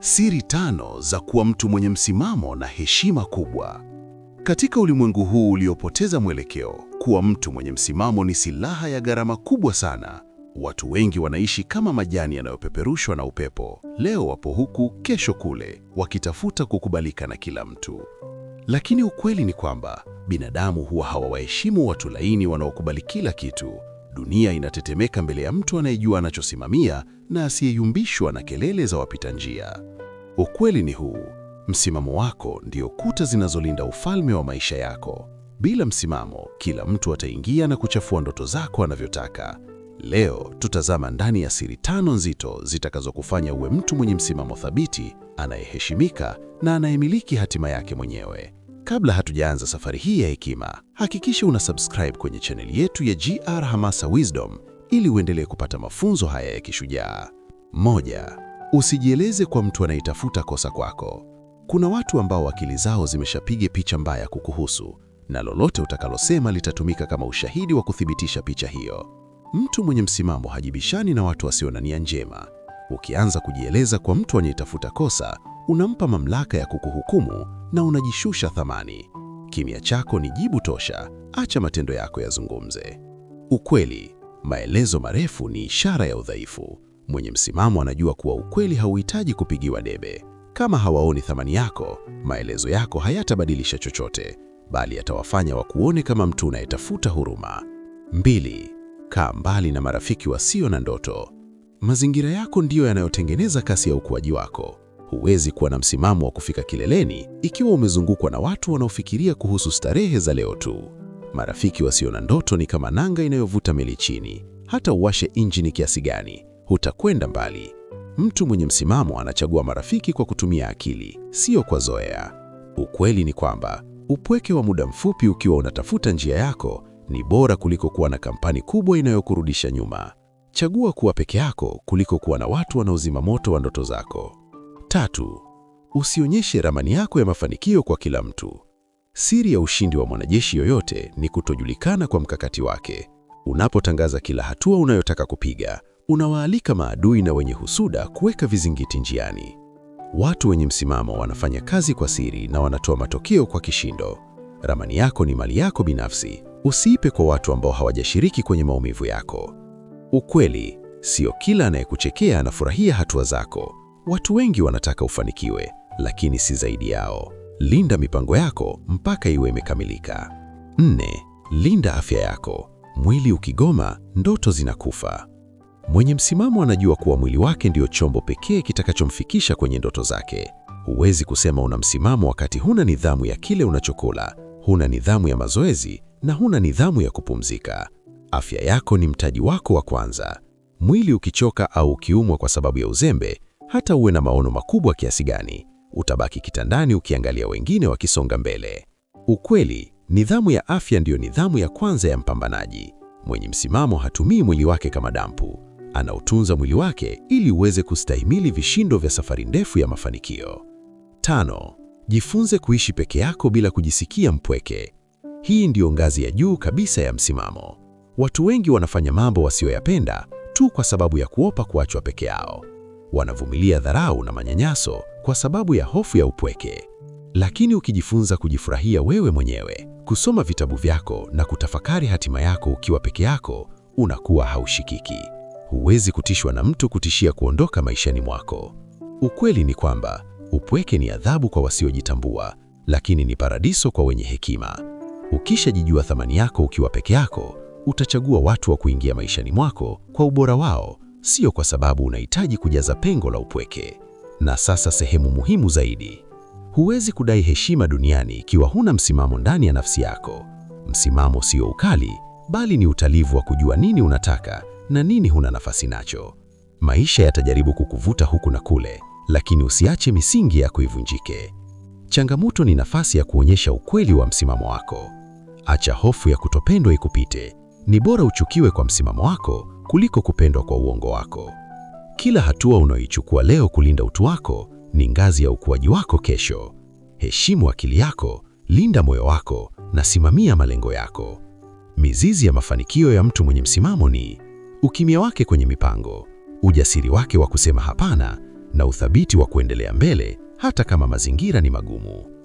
Siri tano za kuwa mtu mwenye msimamo na heshima kubwa. Katika ulimwengu huu uliopoteza mwelekeo, kuwa mtu mwenye msimamo ni silaha ya gharama kubwa sana. Watu wengi wanaishi kama majani yanayopeperushwa na upepo. Leo wapo huku, kesho kule, wakitafuta kukubalika na kila mtu. Lakini ukweli ni kwamba binadamu huwa hawawaheshimu watu laini wanaokubali kila kitu. Dunia inatetemeka mbele ya mtu anayejua anachosimamia na asiyeyumbishwa na kelele za wapita njia. Ukweli ni huu, msimamo wako ndio kuta zinazolinda ufalme wa maisha yako. Bila msimamo, kila mtu ataingia na kuchafua ndoto zako anavyotaka. Leo tutazama ndani ya siri tano nzito zitakazokufanya uwe mtu mwenye msimamo thabiti, anayeheshimika na anayemiliki hatima yake mwenyewe. Kabla hatujaanza safari hii ya hekima, hakikisha una subscribe kwenye chaneli yetu ya GR Hamasa Wisdom ili uendelee kupata mafunzo haya ya kishujaa. Moja, usijieleze kwa mtu anayetafuta kosa kwako. Kuna watu ambao akili zao zimeshapiga picha mbaya kukuhusu na lolote utakalosema litatumika kama ushahidi wa kuthibitisha picha hiyo. Mtu mwenye msimamo hajibishani na watu wasio na nia njema. Ukianza kujieleza kwa mtu anayetafuta kosa, unampa mamlaka ya kukuhukumu na unajishusha thamani. Kimya chako ni jibu tosha, acha matendo yako yazungumze. Ukweli, maelezo marefu ni ishara ya udhaifu. Mwenye msimamo anajua kuwa ukweli hauhitaji kupigiwa debe. Kama hawaoni thamani yako, maelezo yako hayatabadilisha chochote, bali yatawafanya wakuone kama mtu unayetafuta huruma. Mbili, kaa mbali na marafiki wasio na ndoto. Mazingira yako ndiyo yanayotengeneza kasi ya ukuaji wako. Huwezi kuwa na msimamo wa kufika kileleni ikiwa umezungukwa na watu wanaofikiria kuhusu starehe za leo tu. Marafiki wasio na ndoto ni kama nanga inayovuta meli chini. Hata uwashe injini kiasi gani, hutakwenda mbali. Mtu mwenye msimamo anachagua marafiki kwa kutumia akili, sio kwa zoea. Ukweli ni kwamba upweke wa muda mfupi ukiwa unatafuta njia yako ni bora kuliko kuwa na kampani kubwa inayokurudisha nyuma. Chagua kuwa peke yako kuliko kuwa na watu wanaozima moto wa ndoto zako. Tatu, usionyeshe ramani yako ya mafanikio kwa kila mtu. Siri ya ushindi wa mwanajeshi yoyote ni kutojulikana kwa mkakati wake. Unapotangaza kila hatua unayotaka kupiga, unawaalika maadui na wenye husuda kuweka vizingiti njiani. Watu wenye msimamo wanafanya kazi kwa siri na wanatoa matokeo kwa kishindo. Ramani yako ni mali yako binafsi, usiipe kwa watu ambao hawajashiriki kwenye maumivu yako. Ukweli, sio kila anayekuchekea anafurahia hatua zako. Watu wengi wanataka ufanikiwe, lakini si zaidi yao. Linda mipango yako mpaka iwe imekamilika. Nne, linda afya yako. Mwili ukigoma, ndoto zinakufa. Mwenye msimamo anajua kuwa mwili wake ndio chombo pekee kitakachomfikisha kwenye ndoto zake. Huwezi kusema una msimamo wakati huna nidhamu ya kile unachokula, huna nidhamu ya mazoezi na huna nidhamu ya kupumzika. Afya yako ni mtaji wako wa kwanza. Mwili ukichoka au ukiumwa kwa sababu ya uzembe, hata uwe na maono makubwa kiasi gani, utabaki kitandani ukiangalia wengine wakisonga mbele. Ukweli, nidhamu ya afya ndiyo nidhamu ya kwanza ya mpambanaji. Mwenye msimamo hatumii mwili wake kama dampu, anautunza mwili wake ili uweze kustahimili vishindo vya safari ndefu ya mafanikio. Tano, jifunze kuishi peke yako bila kujisikia mpweke. Hii ndiyo ngazi ya juu kabisa ya msimamo. Watu wengi wanafanya mambo wasiyoyapenda tu kwa sababu ya kuopa kuachwa peke yao. Wanavumilia dharau na manyanyaso kwa sababu ya hofu ya upweke. Lakini ukijifunza kujifurahia wewe mwenyewe, kusoma vitabu vyako na kutafakari hatima yako ukiwa peke yako, unakuwa haushikiki. Huwezi kutishwa na mtu kutishia kuondoka maishani mwako. Ukweli ni kwamba upweke ni adhabu kwa wasiojitambua, lakini ni paradiso kwa wenye hekima. Ukishajijua thamani yako ukiwa peke yako, utachagua watu wa kuingia maishani mwako kwa ubora wao sio kwa sababu unahitaji kujaza pengo la upweke. Na sasa sehemu muhimu zaidi. Huwezi kudai heshima duniani ikiwa huna msimamo ndani ya nafsi yako. Msimamo sio ukali, bali ni utalivu wa kujua nini unataka na nini huna nafasi nacho. Maisha yatajaribu kukuvuta huku na kule, lakini usiache misingi yako ivunjike. Changamoto ni nafasi ya kuonyesha ukweli wa msimamo wako. Acha hofu ya kutopendwa ikupite. Ni bora uchukiwe kwa msimamo wako kuliko kupendwa kwa uongo wako. Kila hatua unayoichukua leo kulinda utu wako ni ngazi ya ukuaji wako kesho. Heshimu akili yako, linda moyo wako na simamia malengo yako. Mizizi ya mafanikio ya mtu mwenye msimamo ni ukimya wake kwenye mipango, ujasiri wake wa kusema hapana na uthabiti wa kuendelea mbele hata kama mazingira ni magumu.